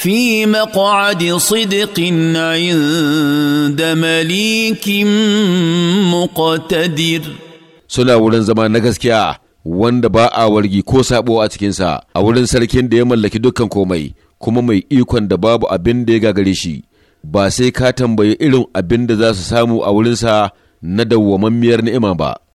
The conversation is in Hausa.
في مقعد صدق عند مليك مقتدر suna wurin zama na gaskiya wanda ba a wargi ko sabo a cikinsa a wurin sarkin da ya mallaki dukkan komai kuma mai ikon da babu abin da ya gagare shi ba sai ka tambayi irin abin da za su samu a wurinsa na dawwamammiyar ni'ima ba